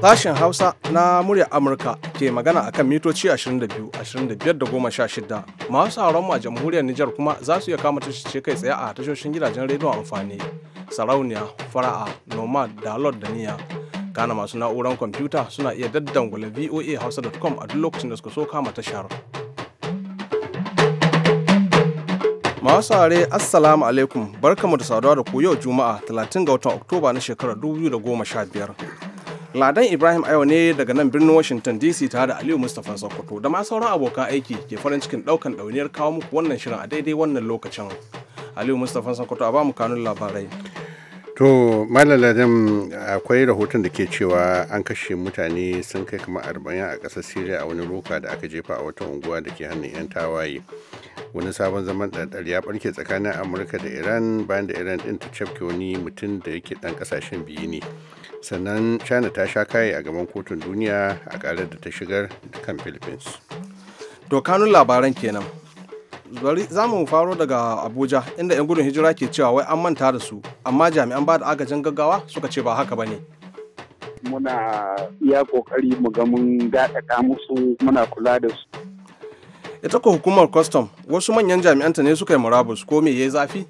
Sashen Hausa na murya Amurka ke magana akan mitoci 22, 25 16. Masu sauran mu a jamhuriyar Nijar kuma za su iya kama tashoshi kai tsaye a tashoshin gidajen rediyon amfani. Sarauniya, Fara'a, Nomad, Dalot da Niya. Kana masu na'uran kwamfuta suna iya daddangula voa hausa.com a duk lokacin da suka so kama tashar. Masu are Assalamu alaikum barkamu da saduwa da ku yau Juma'a 30 ga watan Oktoba na shekarar 2015. Ladan Ibrahim Ayo ne daga nan birnin Washington DC tare da Aliyu Mustapha Sokoto da ma sauran abokan aiki ke farin cikin daukan ɗauniyar kawo muku wannan shirin a daidai wannan lokacin. Aliyu Mustapha Sokoto a ba mu kanun labarai. To malaladin akwai rahoton da ke cewa an kashe mutane sun kai kama arba'in a ƙasar syria a wani roka da aka jefa a wata unguwa da ke hannun 'yan tawaye. wani sabon zaman ɗaɗɗar ya ɓarke tsakanin amurka da iran bayan da iran ɗin ta cafke wani mutum da yake ɗan ƙasashen biyu ne sannan china ta sha kaye a gaban kotun duniya a karar da ta shigar kan philippines dokanun labaran kenan zamu za mu faro daga abuja inda 'yan gudun hijira ke cewa wai an manta da su amma jami'an ba da agajin gaggawa suka ce ba haka ba ne muna iya kokari mu ga mun gaɗaɗa musu muna kula da su ita ko hukumar kwastam wasu manyan jami'anta ne suka yi murabus ko me ya yi zafi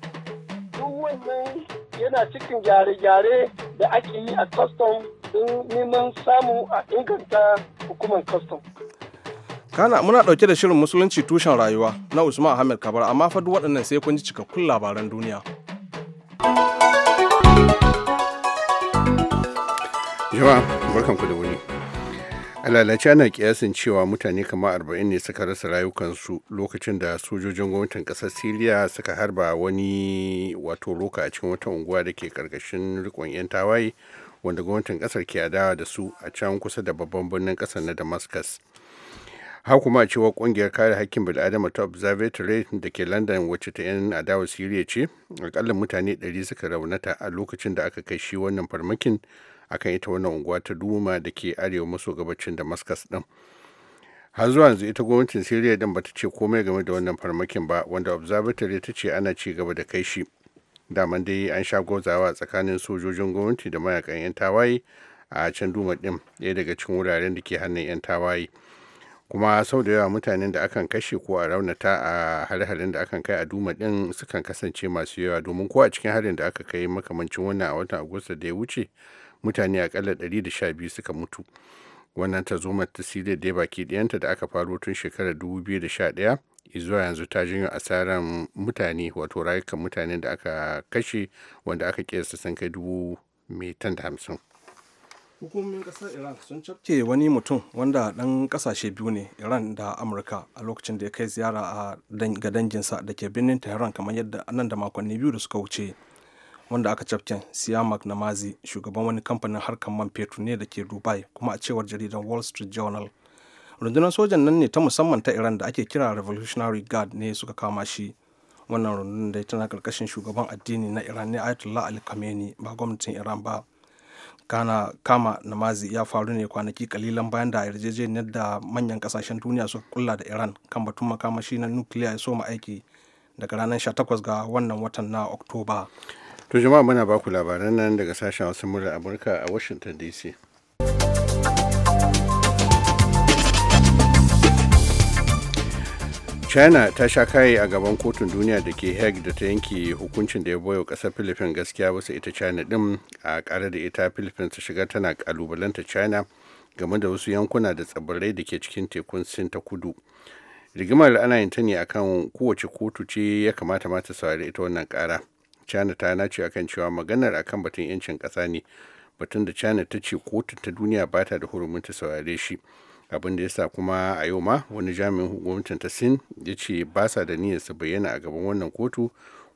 yana cikin gyare-gyare da ake yi a custom don neman samu a inganta hukumar custom. kana muna ɗauke da shirin musulunci tushen rayuwa na usman ahmed kabar amma fa duk waɗannan sai kun ji cikakkun labaran duniya yawa barkanku da wuni a lalace ana kiyasin cewa mutane kama 40 ne suka rasa rayukansu lokacin da sojojin gwamnatin kasar siriya suka harba wani wato roka a cikin wata unguwa da ke karkashin rikon 'yan tawaye wanda gwamnatin kasar ke adawa da su a can kusa da babban birnin kasar na damascus har kuma cewa kungiyar kare hakkin bil'adama ta observatory da ke london wacce ta yan adawa siriya ce akalla mutane 100 suka raunata a lokacin da aka kai shi wannan farmakin akan ita wannan unguwa ta duma da ke arewa maso gabacin damascus din har zuwa yanzu ita gwamnatin syria din bata ce komai game da wannan farmakin ba wanda observatory ta ce ana ci gaba da kai shi daman dai an sha gwazawa tsakanin sojojin gwamnati da mayakan 'yan tawaye a can duma din ɗaya daga cikin wuraren da ke hannun 'yan tawaye kuma sau da yawa mutanen da akan kashe ko a raunata a hare-haren da akan kai a duma din sukan kasance masu yawa domin ko a cikin harin da aka kai makamancin wannan a watan agusta da ya wuce mutane akalla 112 suka mutu wannan ta zoma ta siriya da baki ɗayanta da aka faro tun shekarar 2011 zuwa yanzu ta jinyo asarar mutane wato rayukan mutane da aka kashe wanda aka kiyasta sun kai dubu mai da hamsin hukumomin kasar iran sun cafke wani mutum wanda dan kasashe biyu ne iran da amurka a lokacin da ya kai ziyara ga danginsa da ke birnin tehran kamar yadda nan da makonni biyu da suka wuce wanda aka cafke siyamak namazi shugaban wani kamfanin harkar man fetur ne da ke dubai kuma a cewar jaridar wall street journal rundunar sojan nan ne ta musamman ta iran da ake kira revolutionary guard ne suka kama shi wannan rundunar da tana karkashin shugaban addini na iran ne ayatollah ali kameni ba gwamnatin iran ba kana kama namazi ya faru ne kwanaki kalilan bayan da yarjejeniyar da manyan kasashen duniya suka kulla da iran kan batun makamashi na nukiliya ya soma aiki daga ranar 18 ga wannan watan na oktoba To jama'a muna baku labaran nan daga sashen wasu murar Amurka a Washington DC. china ta sha kaye a gaban kotun duniya da ke hague da ta yanke hukuncin da ya boyo kasar philippines gaskiya wasu ita china din a kare da ita philippines ta shiga tana kalubalanta china game da wasu yankuna da tsibirai da ke cikin tekun sin ta kudu rigimar ana yin ta ne akan kowace kotu ce ya kamata mata saurari ita wannan kara china ta ce akan cewa maganar akan batun yancin kasa ne batun da china ta ce kotun ta duniya ba ta da hurumin ta saurare shi abin da yasa kuma a yau ma wani jami'in gwamnatin ta sin ya ce ba sa da niyyar su bayyana a gaban wannan kotu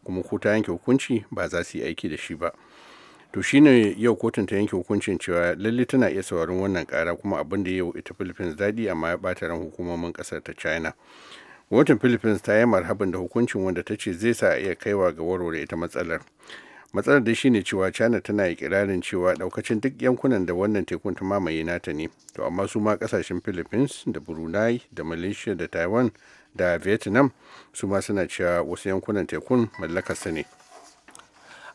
kuma ko ta yanke hukunci ba za su yi aiki da shi ba to shine yau kotun ta yanke hukuncin cewa lalle tana iya sauraron wannan kara kuma abin da ya yi ita philippines daɗi amma ya ɓata ran hukumomin ƙasar ta china gwamnatin philippines ta yi marhabin da hukuncin wanda ta ce zai sa a iya kaiwa ga warware ita matsalar matsalar da shi ne cewa china tana ikirarin cewa daukacin duk yankunan da wannan tekun ta mamaye nata ne to amma su ma kasashen philippines da brunei da malaysia da taiwan da vietnam su ma suna cewa wasu yankunan tekun mallakarsa ne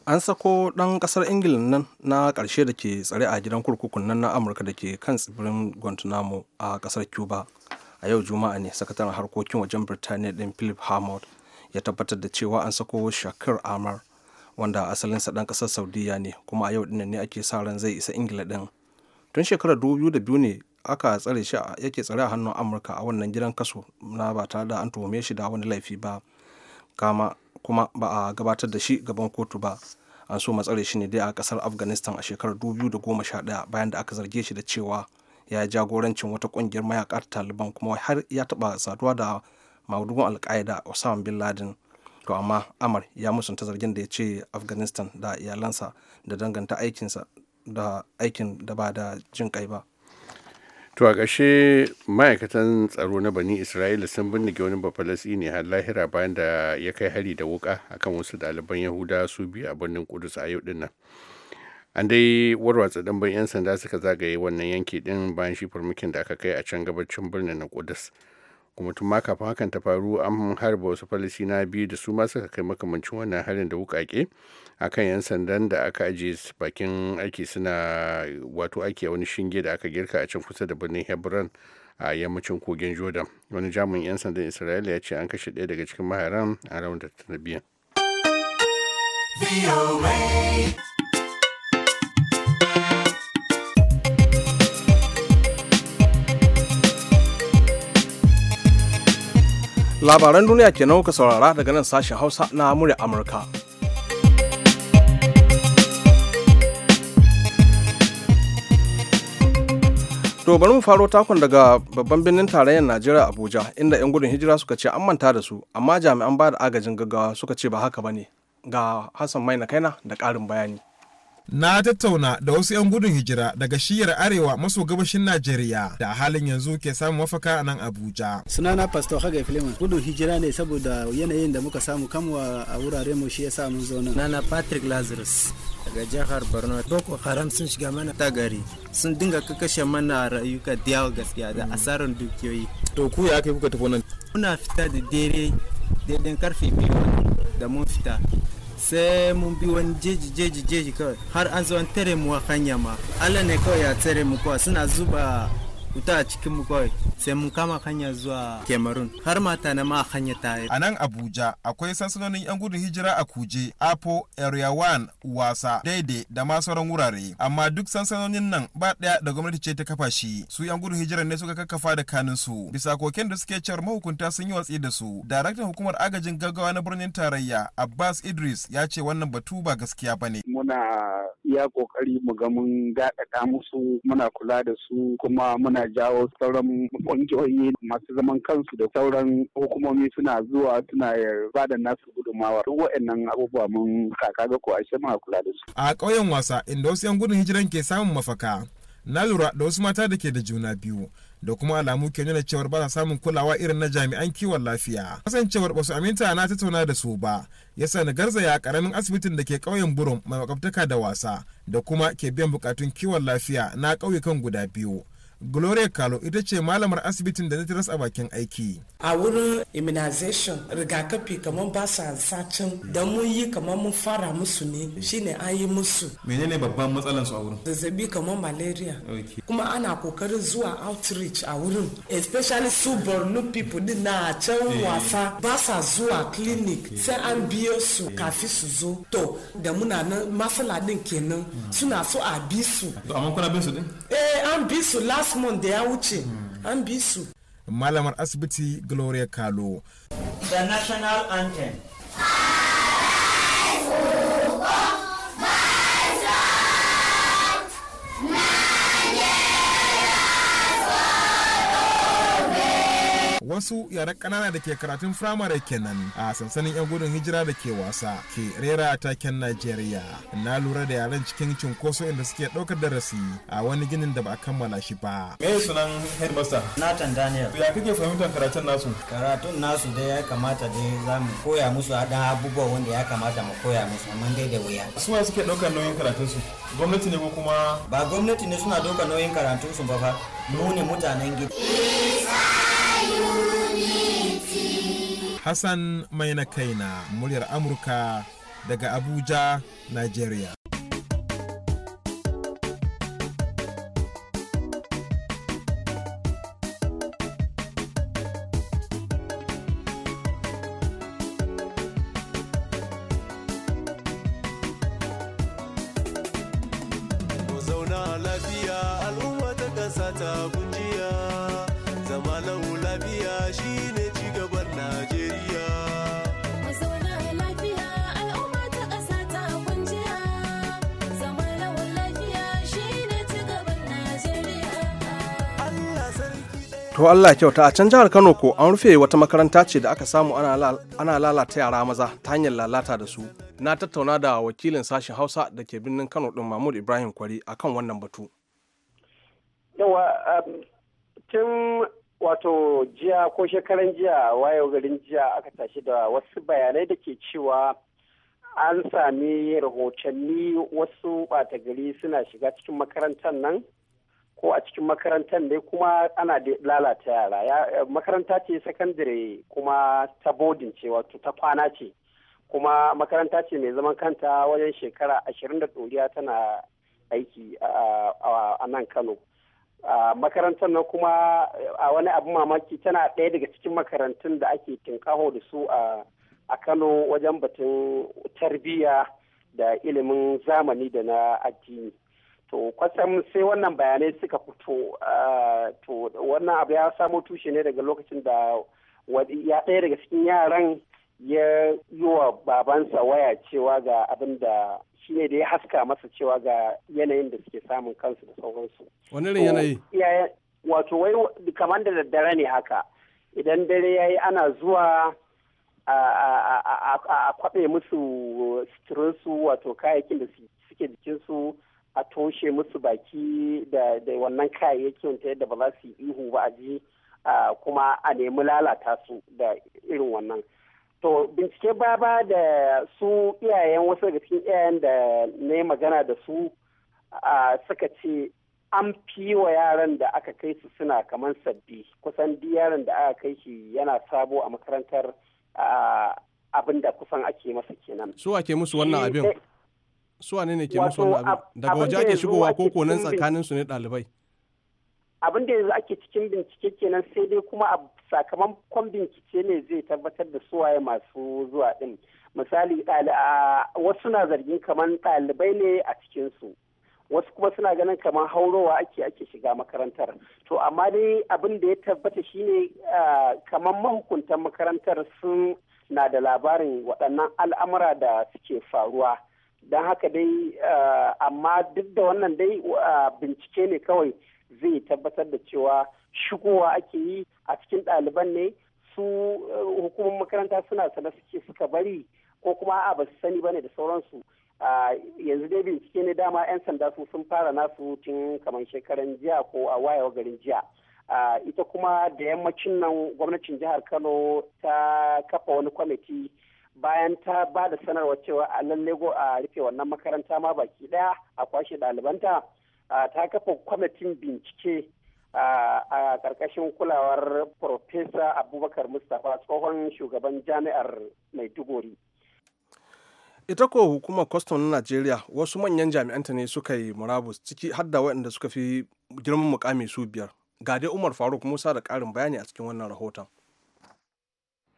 an sako ɗan ƙasar ingila nan na ƙarshe da ke tsare a gidan kurkukun nan na amurka da ke kan tsibirin guantanamo a ƙasar cuba a yau juma'a ne sakataren harkokin wajen birtaniya ɗin philip hammond ya tabbatar da cewa an sako shakir amar wanda asalinsa ɗan ƙasar saudiya ne kuma a yau ɗin ne ake sa ran zai isa ingila ɗin tun shekarar 2002 ne aka tsare shi yake tsare a hannun amurka a wannan gidan kaso na ba tare da an tuhume shi da wani laifi ba kama kuma ba a gabatar da shi gaban kotu ba an so matsare shi ne dai a kasar afghanistan a shekarar 2011 bayan da aka zarge shi da cewa ya jagorancin wata kungiyar mayakar taliban kuma har ya taba saduwa da maudugun alkaida osama bin laden to amma amar ya musunta zargin da ya ce afghanistan da iyalansa da danganta aikinsa da aikin da ba da jin kai ba to a ƙashe ma'aikatan tsaro na bani isra'ila sun bindige wani bafalasi ne har lahira bayan da ya kai hari da wuka akan wasu ɗaliban yahuda su biyu a birnin kudus a yau dinnan an dai warwatsa ɗimbin 'yan sanda suka zagaye wannan yanki ɗin bayan shi farmakin da aka kai a can gabacin birnin na kudus kuma tun ma kafin hakan ta faru an harba wasu falisina biyu da su ma suka kai makamancin wannan harin da wukake kan 'yan sandan da aka ajiye bakin aiki suna wato aiki a wani shinge da aka girka a can kusa da birnin hebron a yammacin kogin jordan wani jami'in 'yan sandan isra'ila ya ce an kashe ɗaya daga cikin maharan a raunin da ta biyan labaran duniya ke kuka saurara daga nan sashen hausa na murya amurka to bari mu faro takon daga babban birnin tarayyar najeriya abuja inda 'yan gudun hijira suka ce an manta da su amma jami'an ba da agajin gaggawa suka ce ba haka ba ne ga hassan mai na kaina da ƙarin bayani na tattauna da wasu 'yan gudun hijira daga shiyar arewa maso gabashin najeriya da halin yanzu ke samun mafaka a nan abuja sunana pastor hagai filiman gudun hijira ne saboda yanayin da muka samu kamwa a wurare mu shi sa mun zauna nana patrick lazarus daga jihar borno boko haram sun shiga mana ta gari sun dinga kakashe mana rayuka da gaskiya da asarar dukiyoyi to ku ya kai kuka tafi nan muna fita da dare daidai karfe biyu da mun fita sai mun bi wani jeji jeji jeji kawai har an zuwa an tare mu a kanya ma Allah ne kawai ya tare mu kawai suna zuba wuta a cikin mu kawai sai mun kama hanya zuwa Cameroon har mata na ma hanya ta A nan Abuja akwai sansanonin 'yan gudun hijira a Kuje, Apo, Area 1, Wasa, Daidai da ma sauran wurare. Amma duk sansanonin nan ba ɗaya da gwamnati ce ta kafa shi. Su 'yan gudun hijira ne suka kakkafa da kanin su. Bisa koken da suke cewar mahukunta sun yi watsi da su. Daraktan hukumar agajin gaggawa na birnin tarayya Abbas Idris ya ce wannan batu ba gaskiya ba ne. Muna iya kokari mu ga mun gaɗaɗa musu muna kula da su kuma muna jawo sauran ƙungiyoyi masu zaman kansu da sauran hukumomi suna zuwa suna ba da nasu gudunmawa duk waɗannan abubuwa mun kaka ga ko ashe ma kula da su. A ƙauyen wasa inda wasu 'yan gudun hijiran ke samun mafaka na lura da wasu mata da ke da juna biyu da kuma alamu ke nuna cewar ba samun kulawa irin na jami'an kiwon lafiya kasancewar basu aminta na tattauna da su ba yasa na garzaya karamin asibitin da ke ƙauyen burum mai makwabtaka da wasa da kuma ke biyan bukatun kiwon lafiya na ƙauyukan guda biyu gloria kalo ita ce malamar asibitin da na a bakin aiki a wurin immunization rigakafi kamar ba sa sacin da mun yi kamar mun fara musu ne shine an yi musu menene babban matsalan su a wurin zazzabi kamar malaria kuma ana kokarin zuwa outreach a wurin especially su borno people din na can eh. wasa ba sa zuwa clinic sai an biyo su kafi su zo to da muna nan masala din kenan suna so a bi su amma kuna bin su din eh an bi su las. asmon da ya wuce an bi su malamar asibiti gloria kalo the national anthem su yaran ƙanana da ke karatun firamare kenan a sansanin 'yan gudun hijira da ke wasa ke rera taken Najeriya. Na lura da yaran cikin cunkoso inda suke ɗaukar darasi a wani ginin da ba a kammala shi ba. Me sunan headmaster? Nathan Daniel. Ya kake fahimtar karatun nasu? Karatun nasu dai ya kamata dai za mu koya musu haɗin abubuwa wanda ya kamata mu koya musu amma dai da wuya. su ma suke ɗaukar nauyin karatun su? Gwamnati ne ko kuma? Ba gwamnati ne suna ɗaukar nauyin karatun su ba fa. Mu ne mutanen gida. Hassan mai na kaina muryar Amurka daga Abuja, Nigeria. Zauna lafiya al'umma ta kasa ta kunji To Allah kyauta a can jihar Kano ko an rufe wata makaranta ce da aka samu ana lalata yara maza ta hanyar lalata da su. Na tattauna da wakilin sashen Hausa da ke birnin Kano din Mahmud Ibrahim Kwari kan wannan batu. Yawa um, tun wato jiya ko shekaran jiya wayo garin jiya aka tashi da wasu bayanai da ke cewa an sami rahotanni wasu ɓata gari suna shiga cikin makarantar nan. ko a cikin makarantar ne kuma ana lalata yara makaranta ce sakandare kuma ta bodin ce wato ta kwana ce kuma makaranta ce mai zaman kanta wajen shekara ashirin da ɗoriya tana aiki a nan kano makarantar nan kuma a wani abu mamaki tana ɗaya daga cikin makarantun da ake tinkaho da su a kano wajen batun tarbiyya da ilimin zamani da na addini to kwatsam sai wannan bayanai suka fito ah, to wannan abu ya samo tushe ne daga lokacin da ya ɗaya daga cikin yaran ya yi wa babansa waya cewa ga abin da shi ne da ya haska masa cewa ga yanayin da suke samun kansu da sauransu. Wani ne yanayi? Wato wai kamar da daddare ne haka. Idan dare ya yi ana zuwa a kwaɓe musu suturinsu wato kayayyakin da suke jikinsu bushe musu baki da wannan kayayyakin ta yadda ba za su yi ihu ba a ji kuma a nemi lalata su da irin wannan to bincike baba ba da su iyayen wasu daga cikin iyayen da na yi magana da su suka ce an fi wa yaran da aka kai su suna kamar sabbi kusan duk yaran da aka kai shi yana sabo a makarantar abin da kusan ake masa kenan su ake musu wannan abin su ne ne ke musu wannan abin daga waje ake shigowa ko ko nan tsakanin su ne dalibai. abin da yanzu ake cikin bincike kenan sai dai kuma a sakamakon bincike ne zai tabbatar da su suwaye masu zuwa din misali wasu na zargin kamar ɗalibai ne a cikin su wasu kuma suna ganin kamar haurowa ake ake shiga makarantar to amma dai abin da ya tabbata shine kamar mahukuntan makarantar sun na da labarin waɗannan al'amura da suke faruwa don haka dai eh, amma duk da wannan dai eh, bincike ne kawai zai tabbatar da cewa shigowa ake yi a cikin ɗaliban ne su eh, hukumar makaranta suna sana suke suka bari ko kuma a ba su sani bane da sauransu yanzu dai bincike ne dama 'yan sanda su sun fara nasu tun kamar shekaran jiya ko a wayewa garin jiya ita kuma da yammacin nan gwamnatin jihar kano ta kafa wani kwamiti bayan ta ba da sanarwa cewa a lalle go a rufe wannan makaranta ma baki daya a kwashe ɗalibanta ta kafa kwamitin bincike a ƙarƙashin kulawar Profesa Abubakar Mustapha tsohon shugaban jami'ar Maiduguri. Ita ko hukumar kwastam na Najeriya wasu manyan jami'anta ne suka yi murabus ciki har da waɗanda suka fi girman mukami su biyar. Gade Umar Faruk Musa da ƙarin bayani a cikin wannan rahoton.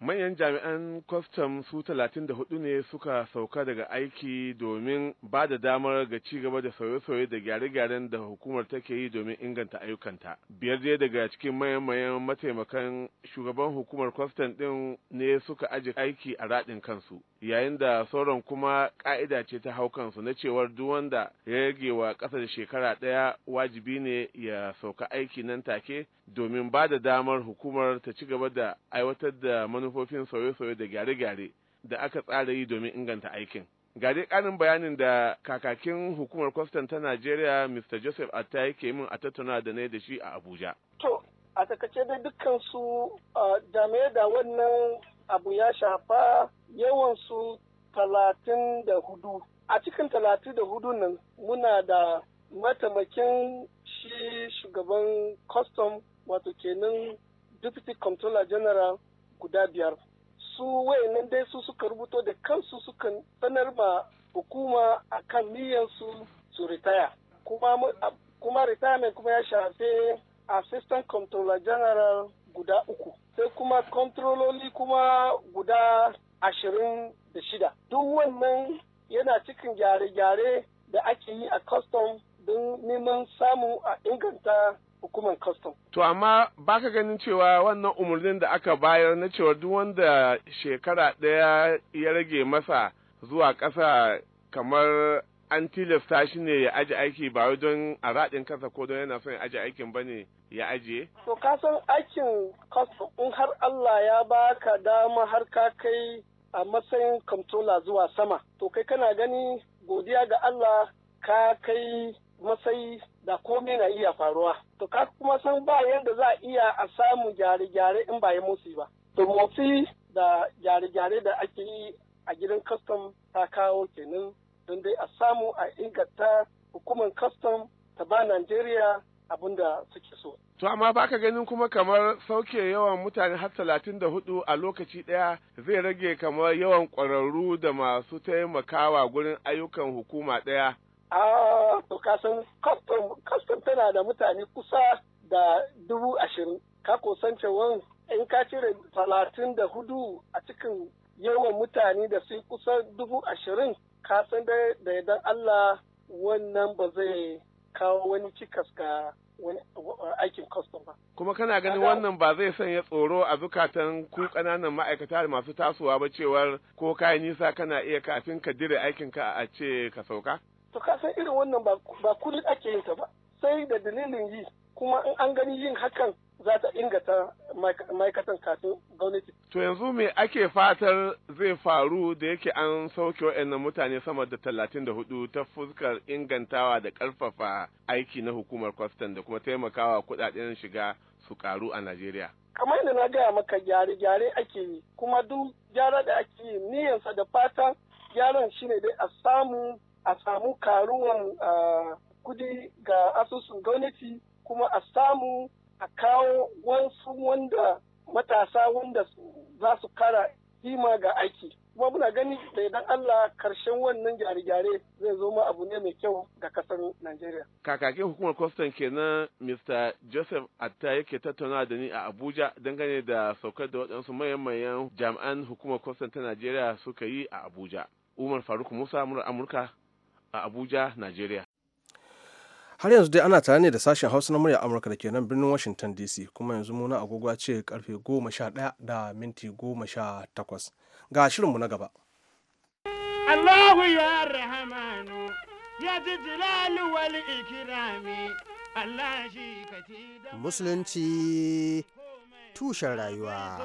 manyan jami'an kwastam su talatin da hudu ne suka sauka daga aiki domin ba da damar ga ci gaba da sauye-sauye da gyare-gyaren da hukumar take yi domin inganta ayyukanta biyar dai daga cikin mayan mataimakan shugaban hukumar kwastam din ne suka aji aiki a raɗin kansu yayin da sauran kuma ƙa'ida ce ta hau kansu na cewar duk wanda ya rage wa ƙasa da shekara ɗaya wajibi ne ya sauka aiki nan take domin ba da damar hukumar ta ci gaba da aiwatar da manufofin sauye-sauye da gyare-gyare da aka tsara yi domin inganta aikin. gare dai ƙarin bayanin da kakakin hukumar kwastan ta najeriya mr joseph atta yake min a tattauna da ne da shi a abuja to a takace da dukkan su game da wannan abu ya shafa yawan su talatin da hudu a cikin talatin da hudu nan muna da matamakin shi shugaban kwastam wato kenan deputy comptroller general guda biyar su wayannan dai su suka rubuto da kansu suka sanar ma hukuma akan niyyarsu su ritaya kuma retirement kuma ya shafe assistant comptroller general guda uku sai kuma kontrololi kuma guda ashirin da shida duk wannan yana cikin gyare-gyare da ake yi a custom don neman samu a inganta hukumar custom. To amma baka ganin cewa wannan umarnin da aka bayar na cewa duk wanda shekara ɗaya ya rage masa zuwa ƙasa kamar an tilasta shi ne ya aji aiki ba don a raɗin kansa ko don yana son ya aji aikin ba ne ya ajiye? To ka san aikin custom in har Allah ya baka dama har ka kai a matsayin kamtola zuwa sama. To kai kana gani godiya ga Allah ka kai matsayi da komai na iya faruwa to ka kuma san ba yadda za a iya a samu gyare-gyare in ba ya motsi ba to motsi da gyare-gyare da ake yi a gidan kastam ta kawo kenan don dai a samu a inganta hukumar kastam ta ba Najeriya abin da suke so. To amma baka ganin kuma kamar sauke yawan mutane har talatin da hudu a lokaci ɗaya zai rage kamar yawan kwararru da masu taimakawa gurin ayyukan hukuma ɗaya A'a, ah, to kasan custom tana da mutane kusa da dubu ashirin. Ka san in ka cire talatin da hudu a cikin yawan mutane da su kusa dubu ashirin ka san da idan Allah wannan ba zai kawo wani cikas ga aikin custom ba. Kuma kana ganin wannan ba zai sanya tsoro a zukatan ku kananan ma'aikata da masu tasowa ba cewar ko kayan nisa kana iya kafin ka dire aikinka a ce ka sauka? to ka san irin wannan ba kullum ake yin ta ba sai da dalilin yi kuma in an gani yin hakan za ta inganta ma'aikatan kafin gwamnati. To yanzu me ake fatar zai faru da yake an sauke wa'annan mutane sama da talatin da hudu ta fuskar ingantawa da karfafa aiki na hukumar kwastan da kuma taimakawa kuɗaɗen shiga su karu a Najeriya. Kamar yadda na gaya maka gyare-gyare ake yi kuma duk gyara da ake yi niyansa da fatan gyaran shine dai a samu a samu karuwan kudi ga asusun gwamnati kuma a samu a kawo wasu wanda matasa wanda za su kara hima ga aiki kuma muna gani da idan Allah karshen wannan gyare-gyare zai zo ma abu ne mai kyau ga kasar Najeriya. Kakakin hukumar kwastan kenan Mr. Joseph Atta yake tattauna da ni a Abuja dangane da saukar da waɗansu mayan jami'an hukumar kwastan ta Najeriya suka yi a Abuja. Umar Faruk Musa, Amurka, a Abuja, Najeriya. Har yanzu dai ana tare ne da sashen Hausa na murya Amurka da ke nan birnin Washington DC kuma yanzu muna agogo ce karfe 11 da minti 18. Ga shirinmu na gaba. Allahu ya rahamanu ya ji jilalu wal ikirami Allah shi ka Musulunci tushen rayuwa.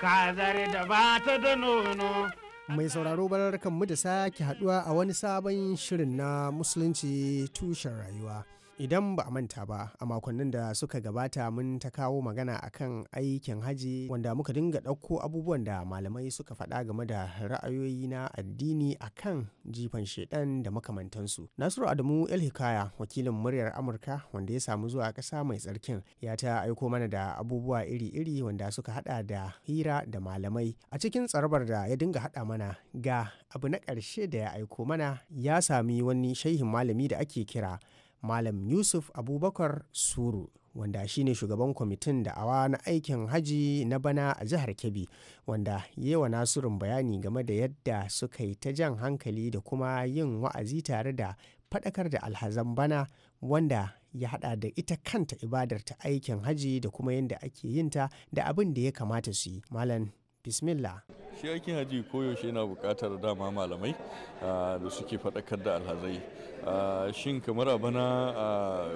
Kazar da ba ta da nono. mai sauraro barkan mu da sake haduwa a wani sabon shirin na musulunci tushen rayuwa idan ba a manta ba a makonnin da suka gabata mun ta kawo magana akan aikin haji wanda muka dinga ɗauko abubuwan da malamai suka faɗa game da ra'ayoyi na addini akan jifan shaidan da makamantansu nasiru adamu el hikaya wakilin muryar amurka wanda ya samu zuwa ƙasa mai tsarkin ya ta aiko mana da abubuwa iri-iri wanda suka haɗa da hira da malamai a cikin tsarabar da ya dinga haɗa mana ga abu na ƙarshe da ya aiko mana ya sami wani shehin malami da ake kira Malam Yusuf Abubakar Suru. wanda shine shugaban kwamitin da'awa na aikin haji na bana a jihar kebbi wanda ya wa nasurin bayani game da yadda suka yi ta jan hankali da kuma yin wa'azi tare da faɗakar da alhazan bana wanda ya haɗa da ita kanta ibadar ta aikin haji da kuma yadda ake yinta da abin da ya kamata su yi malam bismillah shi aikin haji koyaushe yana buƙatar dama malamai ah, da suke faɗakar da alhazai ah, shin kamar a bana ah,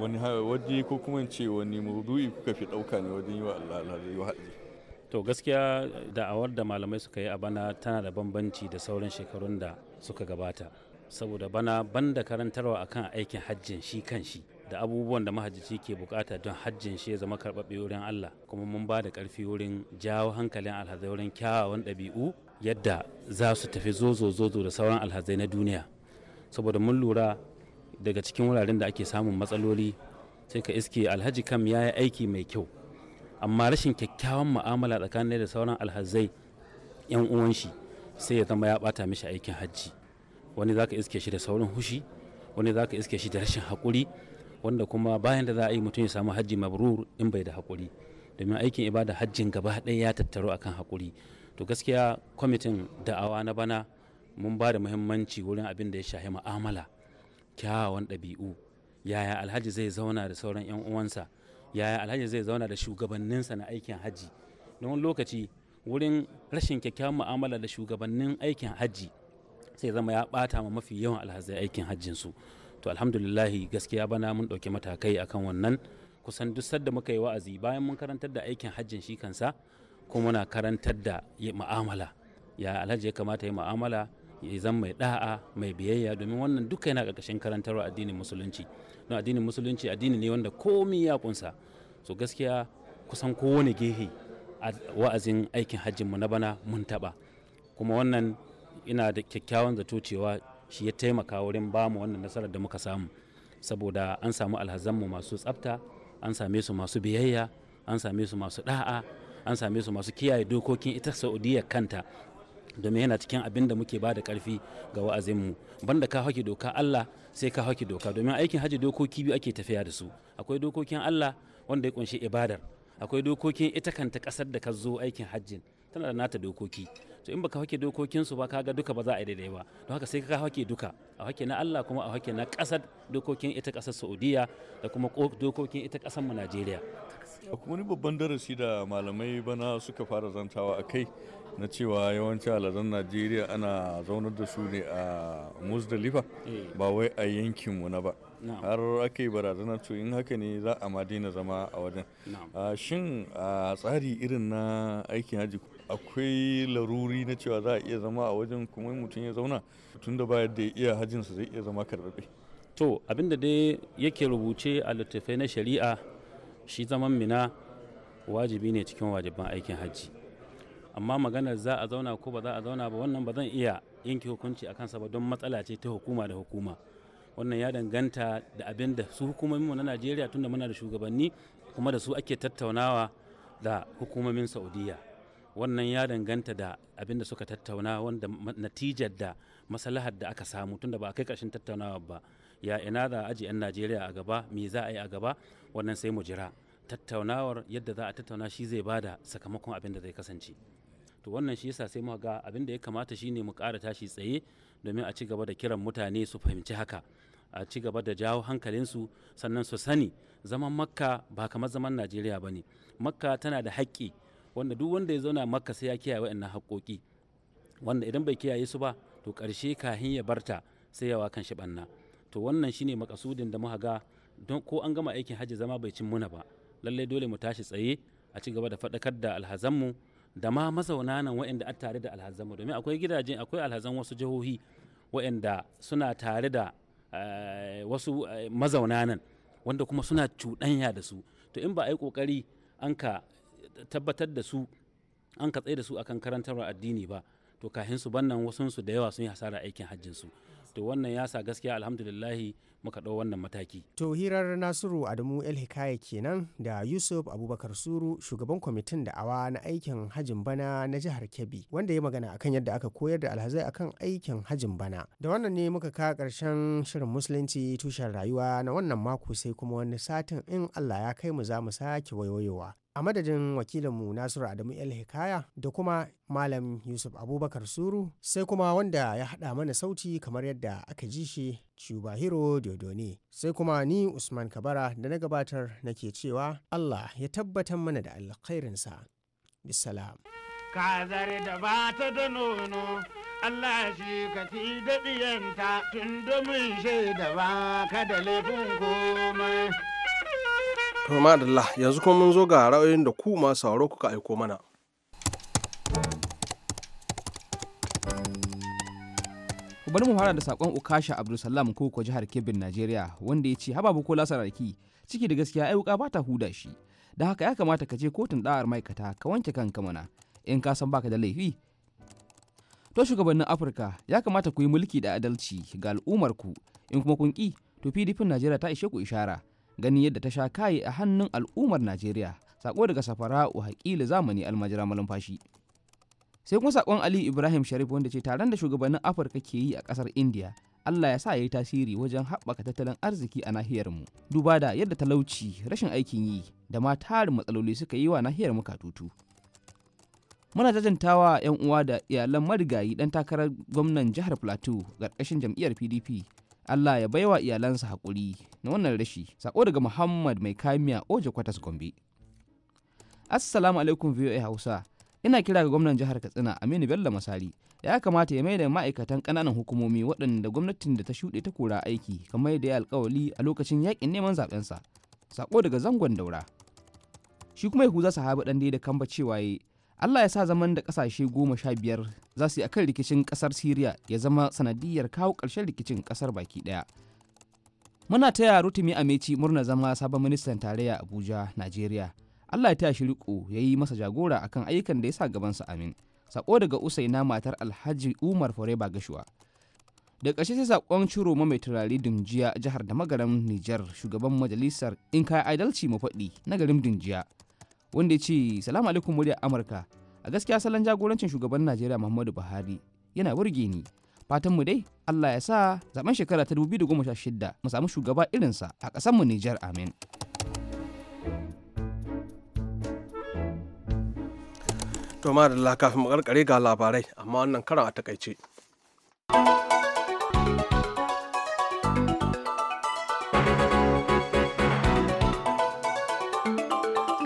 wani waje ko kuma ce wani maudu'i kuka fi ɗauka ne wajen yi wa alhazai wa to gaskiya da'awar da malamai suka yi a bana tana da bambanci da sauran shekarun da suka gabata saboda bana banda karantarwa akan aikin hajjin shi kan shi da abubuwan da mahajjaci ke bukata don hajjin shi ya zama karɓaɓɓe wurin Allah kuma mun ba da ƙarfi wurin jawo hankalin alhazai wurin kyawawan ɗabi'u yadda za su tafi zozo zozo da sauran alhazai na duniya saboda mun lura daga cikin wuraren da ake samun matsaloli sai ka iske alhaji kam ya yi aiki mai kyau amma rashin kyakkyawan mu'amala tsakanin da sauran alhazai yan uwan shi sai ya zama ya bata mishi aikin hajji wani zaka iske shi da saurin hushi wani zaka iske shi da rashin haƙuri wanda kuma bayan da za a yi mutum ya samu hajji mabrur in bai da hakuri domin aikin ibada hajjin gaba ɗaya ya tattaru akan hakuri to gaskiya kwamitin da'awa na bana mun ba da muhimmanci wurin abin da ya shahi mu'amala kyawawan ɗabi'u yaya alhaji zai zauna da sauran 'yan uwansa yaya alhaji zai zauna da shugabanninsa na aikin hajji don lokaci wurin rashin kyakkyawan mu'amala da shugabannin aikin hajji sai zama ya ɓata ma mafi yawan alhazai aikin hajjinsu su to alhamdulillahi gaskiya bana mun ɗauki matakai akan wannan kusan duk sadda muka yi wa'azi bayan mun karantar da aikin hajjin shi kansa kuma muna karantar da mu'amala ya alhaji ya kamata ya mu'amala ya zan mai da'a mai biyayya domin wannan duka yana karkashin karantarwa addinin musulunci don addinin musulunci addini ne wanda komi ya kunsa so gaskiya kusan kowane gehe a wa'azin aikin hajjin mu na bana mun taɓa kuma wannan ina da kyakkyawan zato cewa shi ya taimaka wurin bamu wannan nasarar da muka samu saboda an samu alhazanmu masu tsafta an same su masu biyayya an same su masu da'a an same su masu kiyaye dokokin ita saudiya kanta domin yana cikin abin da muke ba da karfi ga wa'azinmu banda ka haki doka Allah sai ka haki doka domin aikin haji dokoki biyu ake tafiya da su akwai dokokin Allah wanda ya kunshi ibadar akwai dokokin ita kanta kasar da ka zo aikin hajjin tana da nata dokoki to in baka hake dokokinsu ba kaga duka ba za a yi daidai ba don haka sai ka hake duka a hake na Allah kuma a hake na kasar dokokin ita kasar Saudiya da kuma dokokin ita kasar mu Najeriya kuma ni babban darasi da malamai bana suka fara zantawa a kai na cewa yawanci aladen najeriya ana zaunar da su ne a muzdalifa eh. ba wai a yankin mu na ba har aka yi to in haka ne za a ma daina zama a wajen ah, shin a ah, tsari irin na aikin haji akwai laruri na cewa za a iya zama a wajen kuma mutum ya zauna tun da bayar da iya hajjinsa zai iya zama karɓaɓɓe. to abinda dai yake rubuce a littattafai na shari'a shi zaman mina wajibi ne cikin wajiban aikin hajji amma maganar za a zauna ko ba za a zauna ba wannan ba zan iya yanke hukunci a kansa ba don matsala ce ta hukuma da hukuma wannan ya danganta da abin da su hukumomin mu na najeriya tunda muna da shugabanni kuma da su ake tattaunawa da hukumomin saudiya wannan ya danganta da abin da suka tattauna wanda natijar da masalahar da aka samu tunda ba a kai ƙarshen tattaunawa ba ya ina za a aji 'yan najeriya a gaba me za a yi a gaba wannan sai mu jira tattaunawar yadda za a tattauna shi zai bada sakamakon abin da zai kasance to wannan shi yasa sai mu ga abin da ya kamata shine mu ƙara tashi tsaye domin a ci gaba da kiran mutane su fahimci haka a ci gaba da jawo su sannan su sani zaman makka ba kamar zaman najeriya ba ne makka tana da haƙƙi wanda duk wanda ya zauna makka sai ya kiyaye wa'annan haƙoƙi wanda idan bai kiyaye su ba to ƙarshe kahin ya barta sai yawa kan shi banna to wannan shine makasudin da muka ga don ko an gama aikin hajji zama bai cin muna ba lallai dole mu tashi tsaye a ci gaba da faɗakar da alhazanmu da ma mazauna nan waɗanda an tare da alhazanmu domin akwai gidaje akwai alhazan wasu jihohi waɗanda suna tare da eh, wasu eh, mazauna nan wanda kuma suna cuɗanya da su to in ba a yi ƙoƙari an ka tabbatar da su an ka tsaye da su akan karantar addini ba to kahin su bannan wasun da yawa sun yi hasara aikin hajjin su to wannan ya sa gaskiya alhamdulillahi muka ɗau wannan mataki to hirar nasiru adamu el hikaya kenan da yusuf abubakar suru shugaban kwamitin da awa na aikin hajjin bana na jihar kebbi wanda ya magana akan yadda aka koyar da alhazai akan aikin hajjin bana da wannan ne muka ka karshen shirin musulunci tushen rayuwa na wannan mako sai kuma wani satin in allah ya kai mu za mu sake wayoyowa a madadin wakilinmu nasiru adamu el hikaya da kuma malam yusuf abubakar suru sai kuma wanda ya haɗa mana sauti kamar yadda aka ji shi shubahiro dodone sai kuma ni usman kabara da na gabatar nake cewa allah ya tabbatar mana da alkhairinsa bisalam kazar da ba ta da nono allah shi ka fi da tun domin shaida ba ka da laifin komai To yanzu kuma mun zo ga ra'ayoyin da ku masu sauro kuka aiko mana. Bari mu fara da sakon Ukasha ko ko jihar Kebbin Najeriya wanda ya ce haba ko raki ciki da gaskiya ai wuka ba ta huda shi. Da haka ya kamata ka je kotun da'ar ma'aikata ka wanke kanka mana in ka san baka da laifi. To shugabannin Afirka ya kamata ku yi mulki da adalci ga al'ummar ku in kuma kun ki to PDP Najeriya ta ishe ku ishara. gani yadda ta sha kayi a hannun al'ummar najeriya sako daga safara safara'u hakili zamani almajira malumfashi sai kuma sakon ali ibrahim sharif wanda ce taron da shugabannin afirka ke yi a kasar india allah ya sa ya yi tasiri wajen haɓaka tattalin arziki a nahiyar mu. duba da yadda talauci rashin aikin yi da ma tarin matsaloli suka yi wa nahiyar mu katutu muna jajantawa 'yan uwa da iyalan marigayi dan takarar gwamnan jihar plateau ƙarƙashin jam'iyyar pdp Allah ya baiwa iyalansa haƙuri na wannan rashi sako daga Muhammad mai kamiya Oje Kwatas Gombe. Assalamu alaikum VOA Hausa. Ina kira ga gwamnan jihar Katsina Aminu Bello Masari. Ya kamata ya mai da ma'aikatan ƙananan hukumomi waɗanda gwamnatin da ta shuɗe ta kora aiki kamar da ya alƙawali a lokacin yaƙin neman zaɓensa. Sako daga zangon daura. Shi kuma ya Yahuza Sahabi ɗan da kamba cewa Allah ya sa zaman da kasashe goma sha biyar za su yi akan rikicin ƙasar Siriya ya zama sanadiyar kawo ƙarshen rikicin ƙasar baki ɗaya. Muna taya a Ameci murna zama sabon ministan tarayya Abuja, Najeriya. Allah ya taya shi riko ya yi masa jagora akan ayyukan da ya sa gabansa amin. Sako daga Usaina matar Alhaji Umar Foreba Gashuwa. da ƙarshe sai saƙon ciro mai turare Dunjiya jihar da magaran nijar shugaban majalisar in kai adalci mafaɗi na garin Dunjiya. wanda ya ce salamu alaikum muryar amurka a gaskiya salon jagorancin shugaban najeriya muhammadu buhari yana burge ni fatanmu dai allah ya sa zaben shekara ta 2016 mu samu shugaba irinsa a mu nijar amin to ma da kafin mu karkare ga labarai amma wannan karan a takaice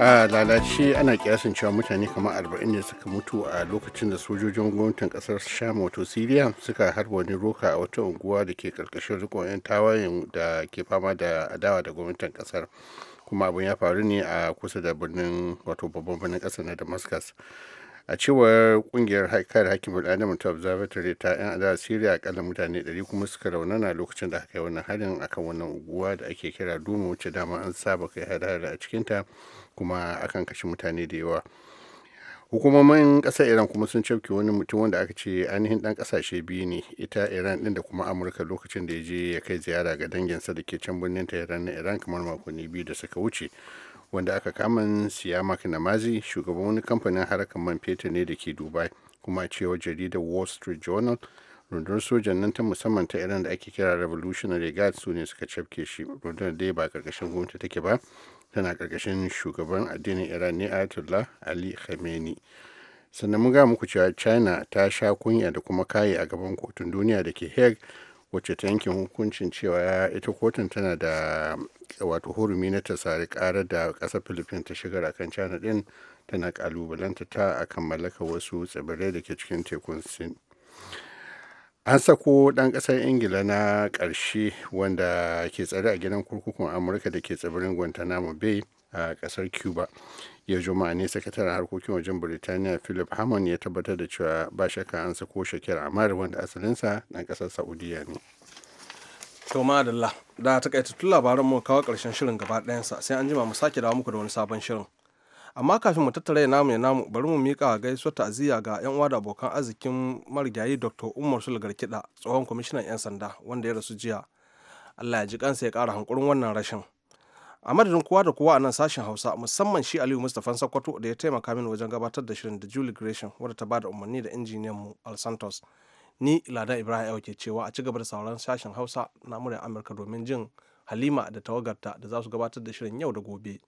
a lalace ana kiyasin cewa mutane kamar arba'in ne suka mutu a lokacin da sojojin gwamnatin kasar sham wato siriya suka harba wani roka a wata unguwa da ke karkashin rikon 'yan tawayen da ke fama da adawa da gwamnatin kasar kuma abin ya faru ne a kusa da birnin wato babban birnin kasar na damascus a cewar kungiyar haikar hakim bil'adama ta observatory ta yan asiri syria akalla mutane 100 kuma suka raunana lokacin da aka yi wannan harin akan wannan uguwa da ake kira duma wacce dama an saba kai harar a cikinta kuma akan kashe mutane da yawa hukumomin ƙasar iran kuma sun cafke wani mutum wanda aka ce ainihin ɗan ƙasashe biyu ne ita iran ɗin da kuma amurka lokacin da ya je ya kai ziyara ga danginsa da ke can birnin tehran na iran kamar makonni biyu da suka wuce wanda aka kamun siyamak namazi shugaban wani kamfanin harkar man fetur ne da ke dubai kuma a cewa jaridar wall street journal rundunar sojan nan ta musamman ta iran da ake kira revolutionary guard su ne suka cafke shi rundunar dai ba karkashin gwamnati take ba tana karkashin shugaban addinin iran ne ayatollah ali khamenei sannan mun ga muku cewa china ta sha kunya da kuma kaye a gaban kotun duniya da ke hague wacce ta yanke hukuncin cewa ita kotun tana da wato hurumi na ta sari karar da kasar philippines ta shigar a kan china din tana kalubalanta ta a akan mallaka wasu tsibirai da ke cikin tekun sin an sako ɗan ƙasar ingila na ƙarshe wanda ke tsare a gidan kurkukun amurka da ke tsibirin guantanamo bay a kasar cuba ya juma'a ne sakataren harkokin wajen birtaniya philip hammond ya tabbatar da cewa ba shakka an sako shakir amar wanda asalinsa na kasar saudiya ne to madalla da ta takaitattun labaran mu kawo karshen shirin gaba sa sai an jima mu sake dawo muku da wani sabon shirin amma kafin mu tattara ya namu ya namu bari mu mika gaisuwar ta'aziyya ga yan uwa da abokan arzikin marigayi dr umar sulgar tsohon kwamishinan yan sanda wanda ya rasu jiya allah ya ji kansa ya kara hankurin wannan rashin a madadin kowa da kowa a nan sashen hausa musamman shi aliyu mustapha sokoto da ya taimaka min wajen gabatar da shirin da julie gresham wadda ta bada umarni da injiniyan mu al santos ni lada ibrahim ke cewa a ci gaba da sauran sashen hausa na murya amurka domin jin halima da tawagarta da za su gabatar da shirin yau da gobe.